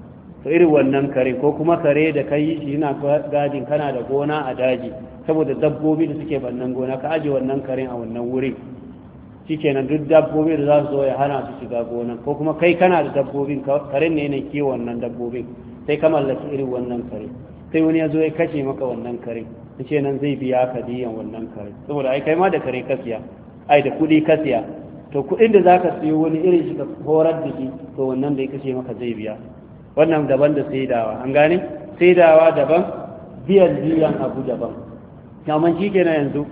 to irin wannan kare ko kuma kare da kai yi shi yana gadin kana da gona a daji saboda dabbobi da suke bannan gona ka aje wannan karen a wannan wurin shikenan duk dabbobi da za su zo ya hana su shiga gonan ko kuma kai kana da dabbobin karen ne ne ke wannan dabbobin sai ka mallaki irin wannan kare sai wani ya zo ya kashe maka wannan kare shi ce nan zai biya ka diyan wannan kare saboda ai kai ma da kare kasiya ai da kuɗi kasiya to kuɗin da za ka siyo wani irin shi ka horar da shi to wannan da ya kashe maka zai biya wannan daban da saidawa an gane saidawa daban biyan biyan abu daban mun shi kenan yanzu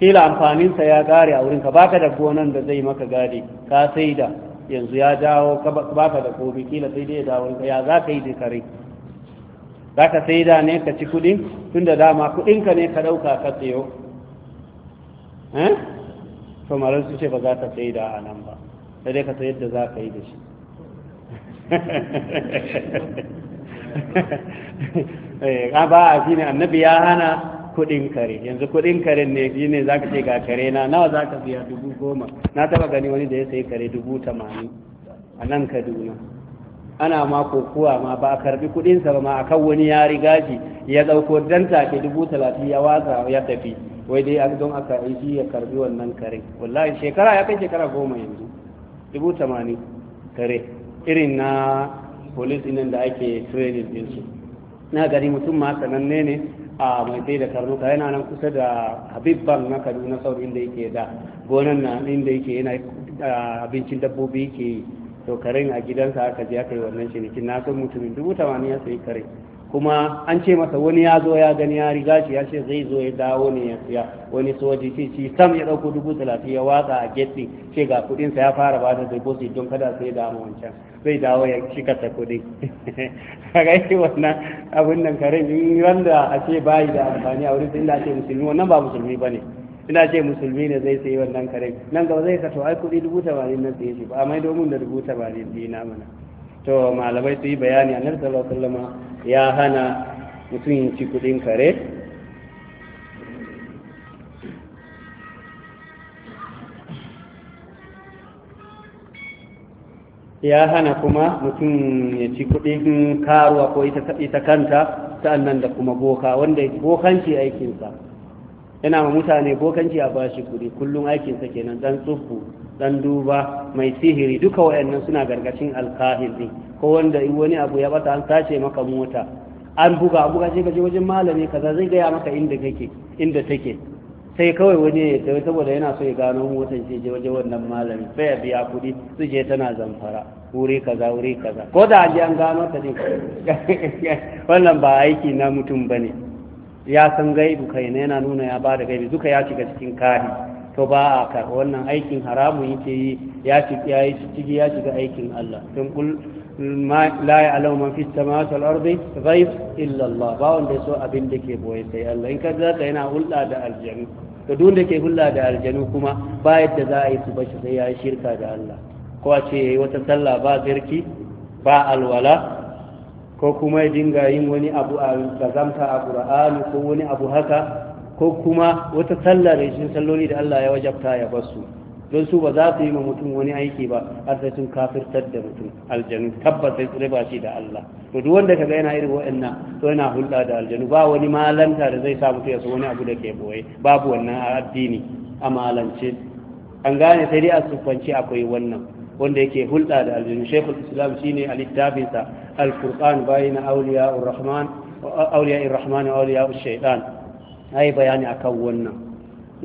kila amfaninsa ya kare a wurinka baka da gonan da zai maka gade ka saida yanzu ya dawo baka da gobe kila sai dai ya dawo ya za ka yi da kare za ka saida ne ka ci kudin tunda dama kudinka ne ka dauka ka tsayo eh to su ce ba za ka saida a nan ba sai dai ka sayar da za ka yi da shi Eh, ah, ba a fi ne annabi ya hana kudin kare yanzu kudin kare ne shi ne za ka ce ga kare na nawa za ka biya dubu goma na taba gani wani da ya sayi kare dubu tamanin a nan kaduna ana ma kokowa ma ba a karbi kudinsa ba ma a kan wani ya riga shi ya dauko dan take dubu talatin ya watsa ya tafi wai dai a don aka yi shi ya karbi wannan kare wallahi shekara ya kai shekara goma yanzu dubu tamanin kare irin na police inan da ake training ɗinsu na gari mutum ma sananne ne a mai sai da karnuka yana nan kusa da habib bank na kaduna sau inda yake da gonan na inda yake yana abincin dabbobi yake to karen a gidansa aka je aka yi wannan shirikin na san mutumin dubu tamanin ya sayi kare kuma an ce masa wani ya zo ya gani ya riga shi ya ce zai zo ya dawo ne ya siya wani soji ce shi sam ya ɗauko dubu talatin ya watsa a gate ce ga kuɗinsa ya fara ba da deposit don kada sai da mu wancan zai dawo ya shika ta kuɗi kaga yi wannan abin nan kare in wanda a ce bayi da amfani a wurin sai ina ce musulmi wannan ba musulmi ba ne ina ce musulmi ne zai sayi wannan kare nan gaba zai ka to ai kuɗi dubu tamanin na saye shi ba mai domin da dubu tamanin dina mana to malamai su yi bayani a nan alaihi ya hana mutum yin ci kudin kare ya hana kuma mutum ya ci kudin karuwa ko ita kanta sa'annan da kuma boka wanda bokanci aikinsa yana ma mutane bokanci a bashi kudi kullum aikinsa kenan dan tsufu dan duba mai sihiri duka wayannan suna gargashin alkahin din ko wanda wani abu ya bata an sace maka mota an buga abu ga je wajen malami kaza zai gaya maka inda kake inda take sai kawai wani ya saboda yana so ya gano motar ce je waje wannan malami sai ya biya kuɗi su je tana zamfara wuri kaza wuri kaza ko da an je an gano ta din wannan ba aiki na mutum bane ya san gaibu kai ne yana nuna ya bada gaibi duka ya shiga cikin kari to ba a karɓa wannan aikin haramun yake yi ya shiga ya shiga ya shiga aikin Allah don kul la ya'lamu man fis samawati wal ardi ghaib illa Allah ba wanda so abin da ke boye sai Allah in ka za ka yana hulɗa da aljanu to duk da ke hulɗa da aljanu kuma ba yadda za a yi su bashi sai ya shirka da Allah ko a ce yayi wata sallah ba zirki ba alwala ko kuma ya dinga yin wani abu a gazamta a ƙura'ani ko wani abu haka ko kuma wata sallar cikin salloli da Allah ya wajabta ya basu don su ba za su yi ma mutum wani aiki ba har sai sun kafirtar da mutum aljanu tabbas sai riba shi da Allah to duk wanda kaga yana irin wa'annan to yana hulɗa da aljanu ba wani malanta da zai sa mutum ya so wani abu da ke boye babu wannan addini a malance an gane sai dai a sufanci akwai wannan wanda yake hulɗa da aljanu shekul islam shine a littafinsa al-furqan bayna awliya ar-rahman awliya ar-rahman wa awliya ash-shaytan na yi bayani akan wannan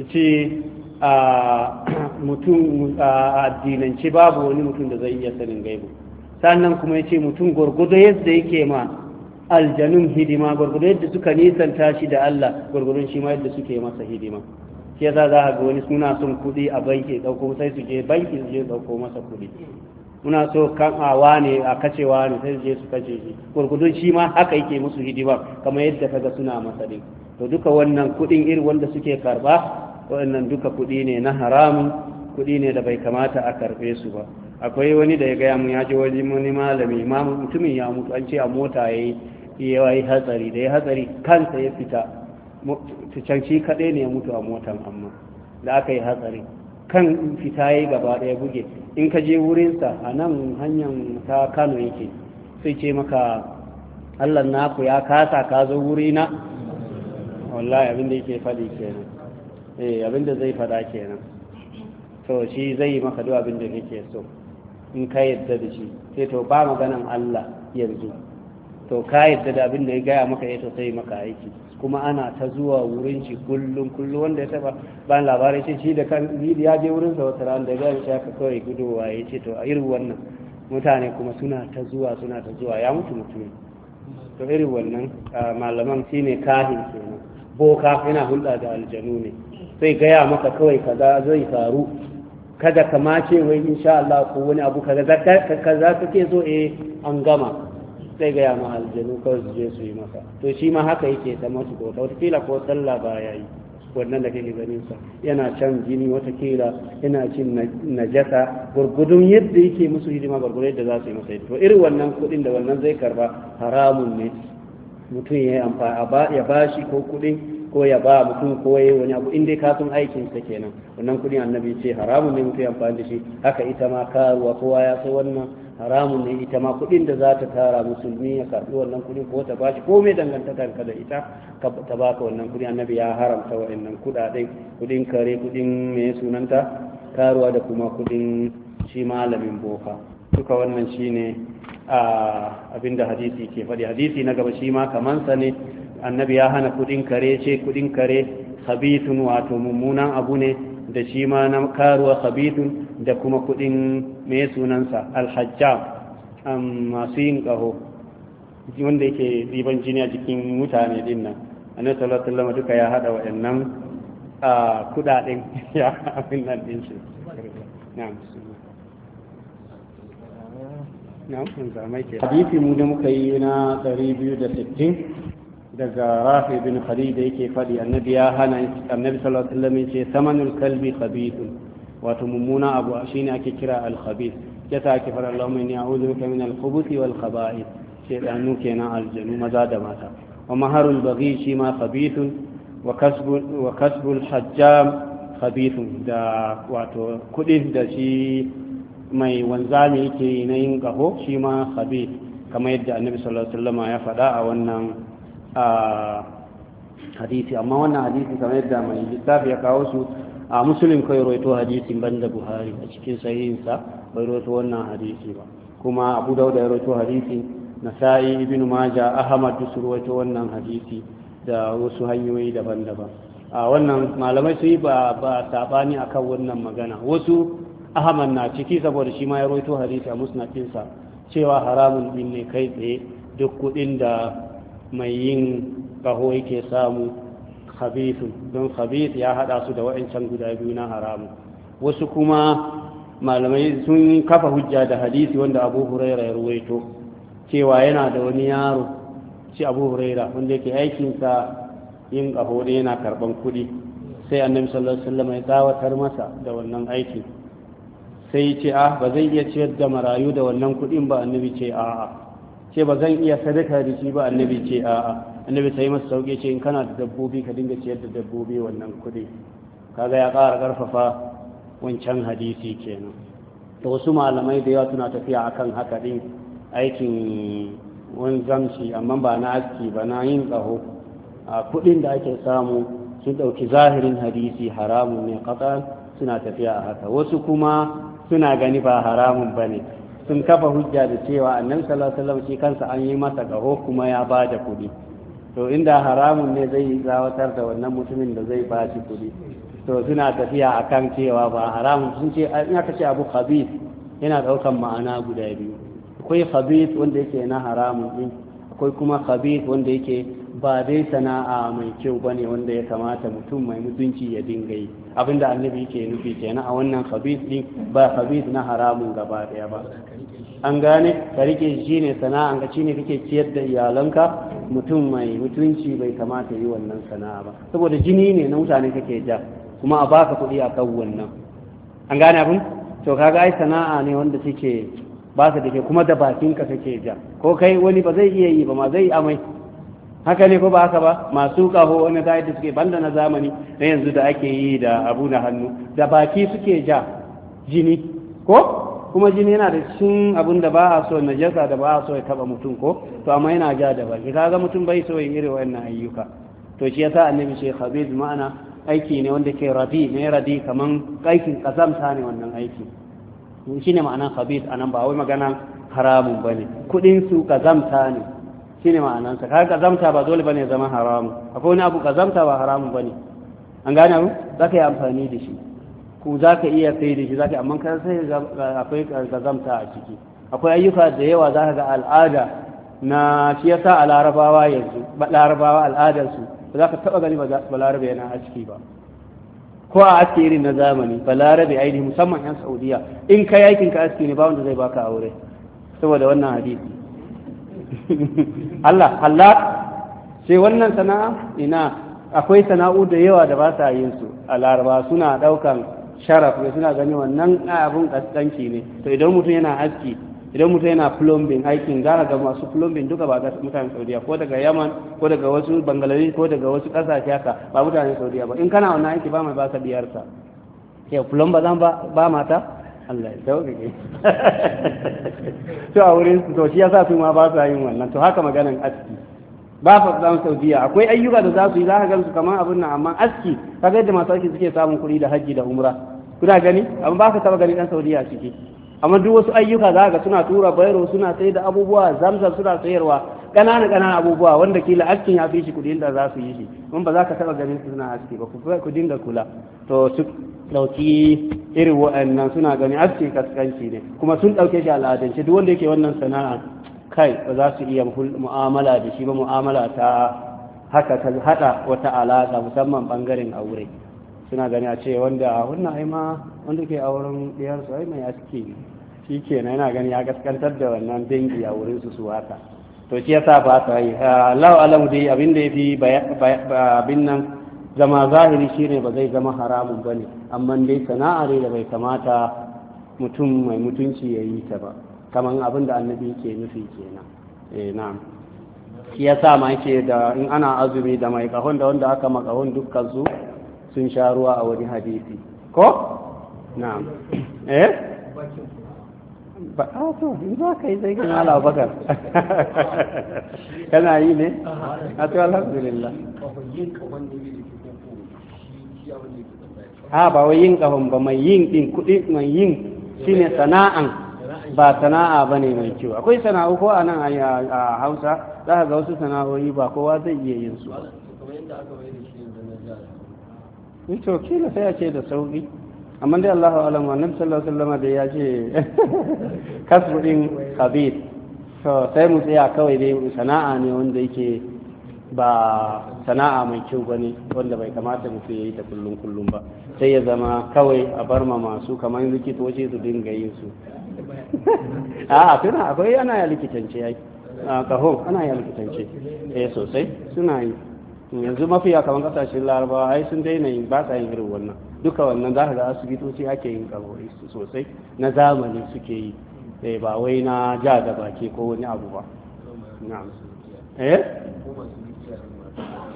ce a mutum a addinance babu wani mutum da zai iya sanin gaibu sannan kuma ya ce mutum gwargwado yadda yake ma aljanun hidima gwargwado yadda suka nisanta shi da Allah gwargwadon shi ma yadda suke masa hidima shi yasa za a ga wani suna son kuɗi a banki ɗauko sai su je banki su je ɗauko masa kuɗi muna so kan a wane a kacewa ne sai su je su kace shi gwargwadon shi ma haka yake musu hidima kamar yadda kaga suna masa din to duka wannan kudin irin wanda suke karba waɗannan duka kudi ne na haramun kudi ne da bai kamata a karbe su ba akwai wani da ya gaya mun ya ji wani wani malami mamun mutumin ya mutu an ce a mota ya yi hatsari da ya hatsari kansa ya fita can shi kaɗai ne ya mutu a motan amma da aka yi hatsari kan fita ya gaba ɗaya buge in ka je wurinsa a nan hanyar ta kano yake sai ce maka allah naku ya kasa ka zo wurina wallahi abinda yake faɗi kenan eh abinda zai faɗa kenan to shi zai yi maka duk abinda kake so in ka yadda da shi sai to ba maganan Allah yanzu to ka yadda da abinda ya gaya maka yato eh, sai maka aiki kuma ana ta zuwa wurin shi kullum kullum wanda ya taba ba labarai ce shi da kan ya je wurin sa wata ran da gari shi aka kai gudowa ya ce to a irin wannan mutane kuma suna ta zuwa suna ta zuwa ya mutu mutum to irin wannan ah, malaman shine kahin kenan boka yana hulɗa da aljanu ne sai gaya maka kawai kaza zai faru kada ka mace wai insha Allah ko wani abu kaza kaza kake so eh an gama sai gaya ma aljanu kawai su je su yi masa to shi ma haka yake ta masu ta watakila ko sallah ba ya yi wannan da kake ganin sa yana can jini watakila yana cin najasa gurgudun yadda yake musu hidima gurgudun yadda za su yi masa to irin wannan kuɗin da wannan zai karba haramun ne mutum ya amfani ya bashi ko kuɗin ko ya ba mutum ko ya wani abu inda ka aikin sa kenan wannan kudin annabi ce haramun ne mutum ya amfani da shi haka ita ma karuwa kowa ya sai wannan haramun ne ita ma kudin da za ta tara musulmi ya karbi wannan kudin ko ta bashi ko mai dangantaka ka da ita ta baka wannan kudin annabi ya haramta waɗannan kuɗaɗe kudin kare kudin mai sunanta karuwa da kuma kudin shi malamin boka duka wannan shine abinda hadisi ke faɗi hadisi na gaba shi ma kamansa ne annabi ya hana kudin kare ce kudin kare khabithun wato mummunan abu ne da shi ma na karuwa khabithun da kuma kudin mai sunansa Alhajja masu yin ƙaho wanda yake riban jini a jikin mutane din nan annabi sallallahu alaihi wasallam duka ya hada waɗannan kudaden ya abin nan din shi na'am na zamai ke hadisi mu da muka yi na 260 daga rafi bin khadid da yake faɗi annabi ya hana annabi sallallahu ce samanul kalbi khabithun wato mummuna abu shine ake kira al khabith yasa ake fara Allahumma inni a'udhu bika min al khubuthi wal khaba'ith shaytanu kenan aljanu maza da mata wa maharul baghi shi ma khabithun wa hajjam khabithun da wato kudin da shi mai wanzami yake yi na yin ƙaho shi ma habib kamar yadda annabi sallallahu alaihi wasallam ya faɗa a wannan hadisi amma wannan hadisi kamar yadda mai littafi ya kawo su a musulun kai roito ban da buhari a cikin sahihinsa bai roito wannan hadisi ba kuma abu dauda ya roito hadisi nasa'i ibn maja ahmad su roito wannan hadisi da wasu hanyoyi daban-daban a wannan malamai su yi ba saɓani akan wannan magana wasu ahaman na ciki saboda shi ma ya roito hadisi a musnadinsa cewa haramun din ne kai tsaye duk kudin da mai yin kaho yake samu khabith don khabith ya hada su da wa'ancan guda biyu na haramu wasu kuma malamai sun kafa hujja da hadisi wanda abu huraira ya ruwaito cewa yana da wani yaro shi abu huraira wanda yake aikinsa yin kaho ne yana karban kudi sai annabi sallallahu alaihi wasallam ya tsawatar masa da wannan aikin sai yi ce a ah, ba zai iya ciyar da marayu da wannan kuɗin ba annabi ce a'a ce ba zan iya sadaka da shi ba annabi ce a'a annabi sai masa sauke ce in kana da dabbobi ka dinga ciyar da dabbobi wannan kuɗi kaga ya ƙara ƙarfafa wancan hadisi kenan da wasu malamai da yawa suna tafiya akan haka din aikin wanzamci amma ba na aski ba na yin tsaho a kuɗin da ake samu sun ɗauki zahirin hadisi haramun ne ƙasa suna tafiya a haka wasu kuma suna gani ba haramun ba ne sun kafa hujja da cewa annabi sallallahu alaihi shi kansa an yi masa kaho kuma ya ba da kuɗi to inda haramun ne zai zawatar da wannan mutumin da zai ba shi kuɗi to suna tafiya akan cewa ba haramun sun ce in aka ce abu khabith yana ɗaukan ma'ana guda biyu akwai khabith wanda yake na haramun din akwai kuma khabith wanda yake ba dai sana'a mai kyau bane wanda ya kamata mutum mai mutunci ya dinga yi abinda annabi yake nufi kenan a wannan khabith din ba khabith na haramun gaba daya ba an gane ka rike shi ne sana'a ga shi ne kake ciyar da iyalanka mutum mai mutunci bai kamata yi wannan sana'a ba saboda jini ne na mutane kake ja kuma a baka kuɗi a kan wannan an gane abin to kaga ai sana'a ne wanda take ba su da ke kuma da bakin ka kake ja ko kai wani ba zai iya yi ba ma zai amai haka ne ko ba haka ba masu kaho wani zai da suke banda na zamani na yanzu da ake yi da abu na hannu da baki suke ja jini ko kuma jini yana da cin abin da ba a so jasa da ba a so ya taba mutum ko to amma yana ja da baki kaga mutum bai so yin irin wannan ayyuka to shi yasa annabi shi khabiz ma'ana aiki ne wanda ke radi ne radi kaman aikin kazamta ne wannan aiki shi ne ma'anan a nan ba wai magana haramun ba ne, su ƙazamta ne ne ma'anan sa kaga kazamta ba dole ne zama haramun akwai wani abu ƙazamta ba haramun ba ne, an gane abu ka yi amfani da shi ko ka iya sai da shi yi amma kan sai akwai ƙazamta a ciki akwai ayyuka da yawa za ka ga al'ada na shi ya sa a larabawa yanzu larabawa al'adarsu ba za ka taɓa gani ba larabe yana a ciki ba ko a aske irin na zamani balarabe ainihi musamman yan saudiya in ka yakin ka aski ne ba wanda zai baka aure saboda wannan hadisi Allah Allah sai wannan sana'a ina akwai sana'u da yawa da ba sa yin su a laraba suna daukan sharaf ne suna gani wannan abun kaskanci ne to idan mutum yana aski idan mutum yana plumbing aikin gara ga masu plumbing duka ba ga mutanen saudiya ko daga yaman ko daga wasu bangladesh ko daga wasu kasashe haka ba mutanen saudiya ba in kana wannan aiki ba mai ba ka ta ke plumber zan ba mata Allah ya sauƙaƙe to a wurin su to shi yasa su ma ba su yin wannan to haka maganan aski ba fa zan saudiya akwai ayyuka da za su yi za ka gan su kamar abin nan amma aski kaga yadda masu aiki suke samun kuɗi da hajji da umra kuna gani amma ba ka taba gani dan saudiya ciki amma duk wasu ayyuka za ka suna tura bayro suna sai da abubuwa zamzam suna sayarwa ƙanana ƙanana abubuwa wanda kila askin ya fi shi kuɗin da za su yi shi mun ba za ka taɓa ganin suna aski ba ku dinga kula to su ɗauki irin wa'annan suna gani aski kaskanci ne kuma sun ɗauke shi al'adance duk wanda yake wannan sana'a kai ba za su iya mu'amala da shi ba mu'amala ta haka ta haɗa wata alaƙa musamman ɓangaren aure suna gani a ce wanda hunna ma wanda ke auren ɗiyar su ai mai aski ne shi na yana gani ya gaskantar da wannan dangi a wurin su su haka to shi yasa ba ta yi ah, lau alamu dai abin da ya fi abin nan zama zahiri shi ne ba zai zama haramun ba ne. amma dai sana'a ne da bai kamata mutum mai mutunci ya yi ta ba kamar abin da annabi ke nufi kenan eh na'am shi ma yake da in ana azumi da mai kahon da wanda aka makahon dukkan su sun sha ruwa a wani hadisi ko na'am eh ba a to in za ka yi zai gina ala kana yi ne a to alhamdulillah ha ba wai yin kahon ba mai yin din kuɗi mai yin shine sana'an ba sana'a ba ne mai kyau akwai sana'u ko a nan a hausa za ka ga wasu sana'o'i ba kowa zai iya yin su to kila sai a ce da sauki amma dai Allahu alam annabi sallallahu alaihi wasallam da ya ce kasbudin din khabir to sai mu tsaya kawai dai sana'a ne wanda yake ba sana'a mai kyau bane wanda bai kamata mu ya yi ta kullum kullum ba sai ya zama kawai a bar ma masu kamar likitoci su dinga yin su a tuna akwai ana ya likitance ya kaho ana ya likitance eh sosai suna yi yanzu mafiya kamar kasashen larabawa ai sun daina yin ba sa yin irin wannan duka wannan za ka ga asibitoci ake yin kabari sosai na zamani suke yi da eh, ba wai na ja da baki ko wani abu ba eh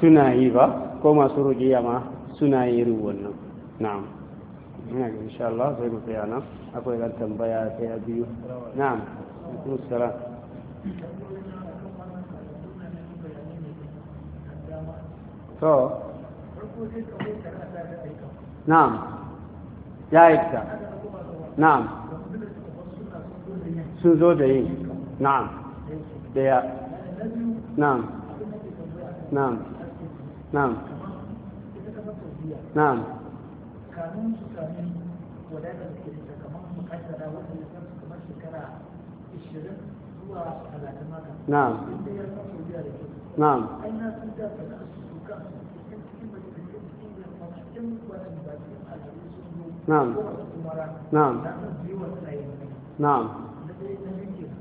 suna yi ba ko masu rugiya ma suna yi irin wannan na'am ina ga insha Allah sai mu tsaya nan akwai ran tambaya sai a biyu na'am assalamu to na'am ya yi ta sun zo da yin na'am da نعم نعم نعم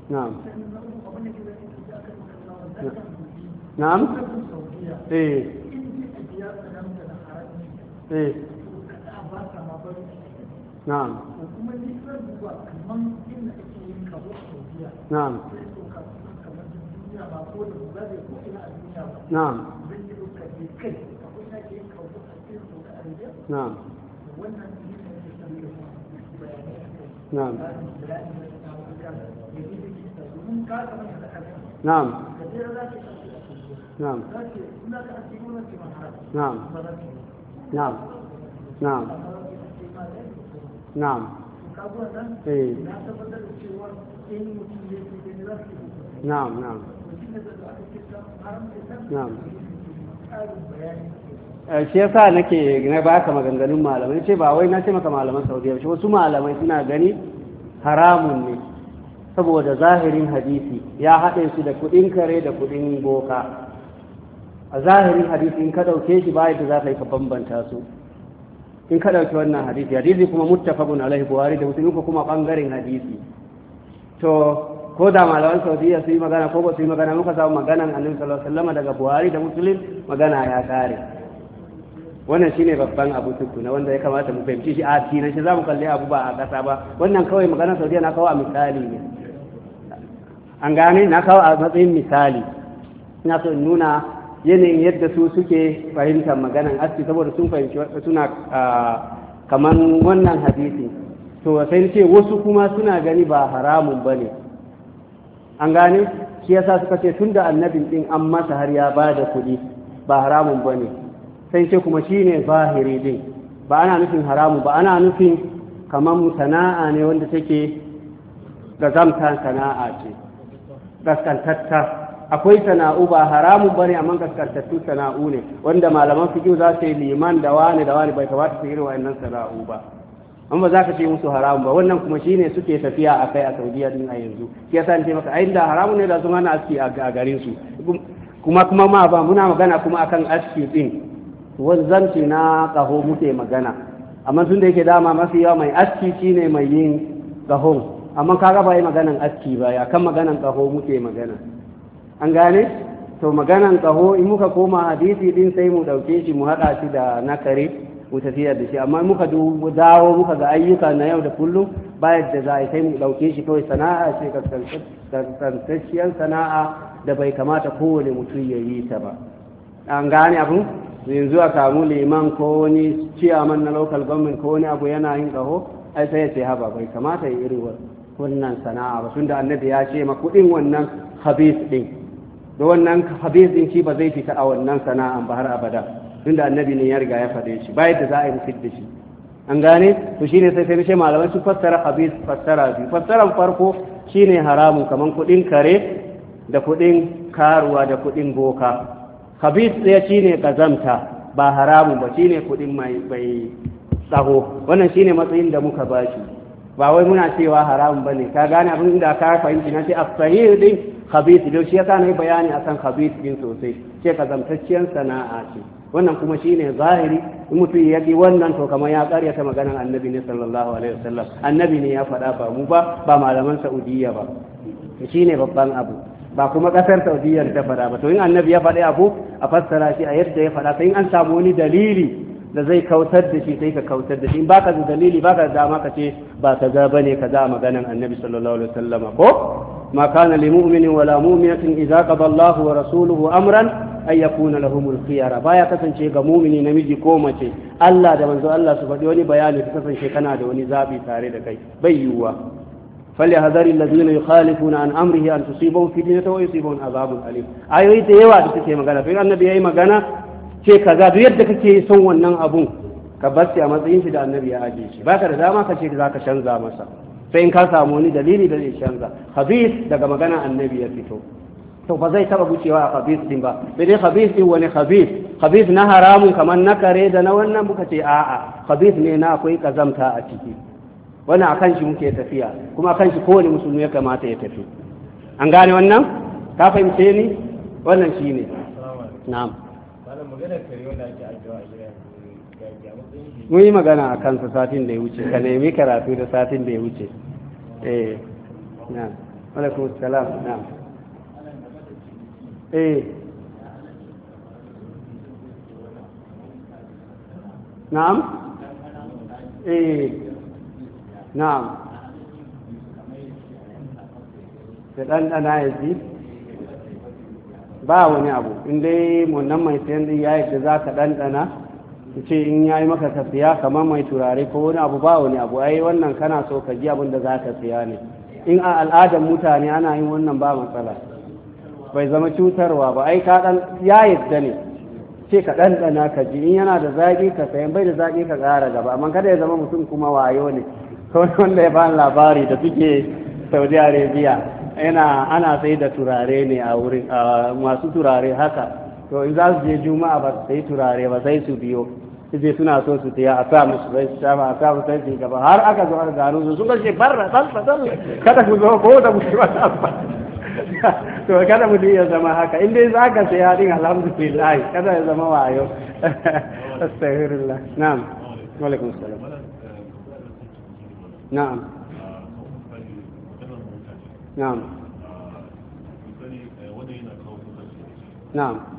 نعم نعم ايه ايه نعم نعم نعم kai na'am na'am نعم نعم نعم نعم نعم نعم ايه نعم نعم نعم Eh, shi yasa nake na baka maganganun malamai ce ba wai na ce maka malaman saudiya shi wasu malamai suna gani haramun ne saboda zahirin hadisi ya haɗe su da kuɗin kare da kuɗin boka a zahirin hadisi in ka ɗauke shi ba yadda za ka yi ka bambanta su in ka ɗauki wannan hadisi hadisi kuma muttafaqun alaihi buhari da musulmi kuma ɓangaren hadisi to ko da malaman saudiya su yi magana ko ba su yi magana muka samu maganan annabi sallallahu alaihi daga buhari da muslim magana ya kare wannan shine babban abu tukuna wanda ya kamata mu fahimci shi a tinan shi zamu kalli abu ba a kasa ba wannan kawai maganan saudiya na kawo a misali ne an gane na kawo a matsayin misali ina so in nuna yanayin yadda su suke fahimtar maganan aski saboda sun fahimci suna kaman wannan hadisi to sai ce wasu kuma suna gani ba haramun ba ne an gane shi yasa suka ce tunda annabin din an masa har ya ba da kuɗi ba haramun ba ne sai ce kuma shi ne zahiri din ba ana nufin haramun ba ana nufin kamar sana'a ne wanda take ga zamta sana'a ce gaskantatta akwai sana'u ba haramun ba ne amma gaskantattu sana'u ne wanda malaman fiƙi za su yi liman da wani da wani bai kamata su yi irin wa'annan sana'u ba an ba za ka ce musu haramu ba wannan kuma shi ne suke tafiya a kai a saudiya din a yanzu shi yasa ni maka ai da haramu ne da su mana aski a garinsu? su kuma kuma ma ba muna magana kuma akan aski din wanzanci na kaho muke magana amma sun da yake dama mafi yawa mai aski shine mai yin kahon amma kaga ba yi maganan aski ba ya kan maganan kaho muke magana an gane to maganan kaho in muka koma hadisi din sai mu dauke shi mu hada shi da na kare ko tafiya da shi amma muka dawo muka ga ayyuka na yau da kullum bayan da za a kai mu ɗauke shi kawai sana'a ce kaskantacciyar sana'a da bai kamata kowane mutum ya yi ta ba an gane abu yanzu a samu liman ko wani ciyaman na local government ko wani abu yana yin kaho ai sai ya ce haba bai kamata ya iri wannan sana'a ba tunda annabi ya ce ma kuɗin wannan habis ɗin da wannan habis din shi ba zai fita a wannan sana'an ba har abada da annabi ne ya riga ya faɗe shi bayan da za a yi musu da shi an gane to shine sai sai nace malaman su fassara habis fassara biyu fassaran farko shine haramun kaman kuɗin kare da kuɗin karuwa da kuɗin boka habis ɗaya shine kazamta ba haramun ba shine kuɗin mai bai tsaho wannan shine matsayin da muka ba shi ba wai muna cewa haramun bane ka gane abin da ka fahimci na ce as din khabith don shi ya na yi bayani akan khabith din sosai ce kazamtacciyar sana'a ce wannan kuma shine zahiri in mutum ya ji wannan to kamar ya karyata maganan annabi ne sallallahu alaihi wasallam annabi ne ya faɗa ba mu ba ba malaman saudiya ba shine babban abu ba kuma kasar saudiya ta faɗa ba to in annabi ya faɗi abu a fassara shi a yadda ya faɗa sai in an samu wani dalili da zai kautar da shi sai ka kautar da shi in baka da dalili baka da dama ka ce ba kaza bane kaza a maganan annabi sallallahu alaihi wasallama ko ma kana lil wa wala mu'minatin idza qada Allahu wa rasuluhu amran ay yakuna lahumul khiyara baya kasance ga mumini namiji ko mace Allah da manzo Allah su faɗi wani bayani ka kasance kana da wani zabi tare da kai bai yiwuwa فليحذر الذين يخالفون عن امره ان تصيبهم فتنه ويصيبهم عذاب اليم ايوي da yawa da suke magana fi annabi yayi magana ce ka duk yadda kake son wannan abun ka bar shi a matsayin shi da annabi ya ajiye shi baka da dama ka ce za ka canza masa sai in ka samu wani dalili da zai canza habis daga magana annabi ya fito to ba zai taba gucewa a habis din ba bai dai habis din wani habis habis na haramun kamar na kare da na wannan muka ce a'a habis ne na akwai kazamta a ciki wannan akan shi muke tafiya kuma akan shi kowane musulmi ya kamata ya tafi an gane wannan ka fahimce ni wannan shine na'am mun yi magana a kansu satin da ya wuce ka nemi karatu da satin da ya wuce eh na alaikun salam na eh na'am eh na'am da ɗanɗana ya ji ba wani abu in dai wannan mai sayan din ya yadda za ka ɗanɗana su ce in ya yi maka tafiya kamar mai turare ko wani abu ba wani abu ai wannan kana so ka ji abin da za ka siya ne in a al'adar mutane ana yin wannan ba matsala bai zama cutarwa ba ai ka ɗan ya yadda ne ce ka ɗanɗana ka ji in yana da zaƙi ka sayan bai da zaƙi ka ƙara gaba amma kada ya zama mutum kuma wayo ne kawai wanda ya ba labari da suke saudi arabia yana ana sai da turare ne a wurin masu turare haka to in za su je juma'a ba su turare ba sai su biyo je suna so su tiya a sa musu sai su shafa a sa musu sai su gaba har aka zo aka gano su sun kashe barra san barra kada ku zo ko da musu ba to kada mu ya zama haka in dai za ka saya din alhamdulillah kada ya zama wayo astaghfirullah na'am wa alaikum salam na'am na'am eh, na'am